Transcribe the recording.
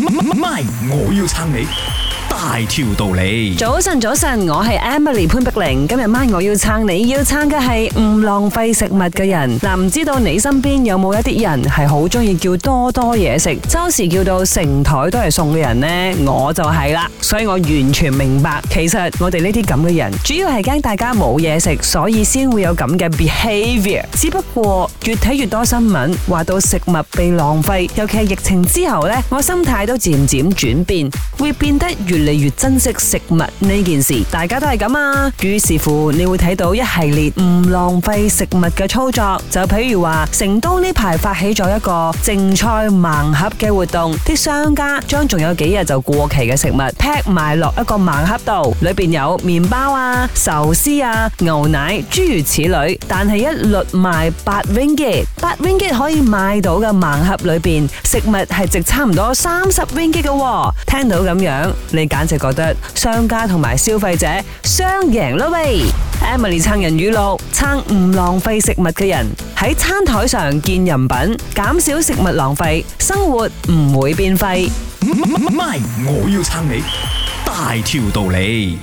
MY，我要撐你。大條道理。早晨，早晨，我係 Emily 潘碧玲。今日晚我要撐你，要撐嘅係唔浪費食物嘅人。嗱，唔知道你身邊有冇一啲人係好中意叫多多嘢食，周時叫到成台都係餸嘅人呢？我就係啦，所以我完全明白，其實我哋呢啲咁嘅人，主要係驚大家冇嘢食，所以先會有咁嘅 behavior。只不過越睇越多新聞，話到食物被浪費，尤其係疫情之後呢，我心態都漸漸轉變，會變得越。越珍惜食物呢件事，大家都係咁啊。於是乎，你會睇到一系列唔浪費食物嘅操作，就譬如話，成都呢排發起咗一個剩菜盲盒嘅活動，啲商家將仲有幾日就過期嘅食物劈埋落一個盲盒度，裏邊有麵包啊，壽司啊，牛奶，諸如此類。但係一律賣八 ringgit 八 ringgit 可以買到嘅盲盒裏邊食物係值差唔多三十 ringgit 嘅，哦。聽到咁樣，你簡直覺得商家同埋消費者雙贏咯喂。 Emily 撐人語錄：撐唔浪費食物嘅人喺餐台上見人品，減少食物浪費，生活唔會變廢。唔係，我要撐你，大條道理。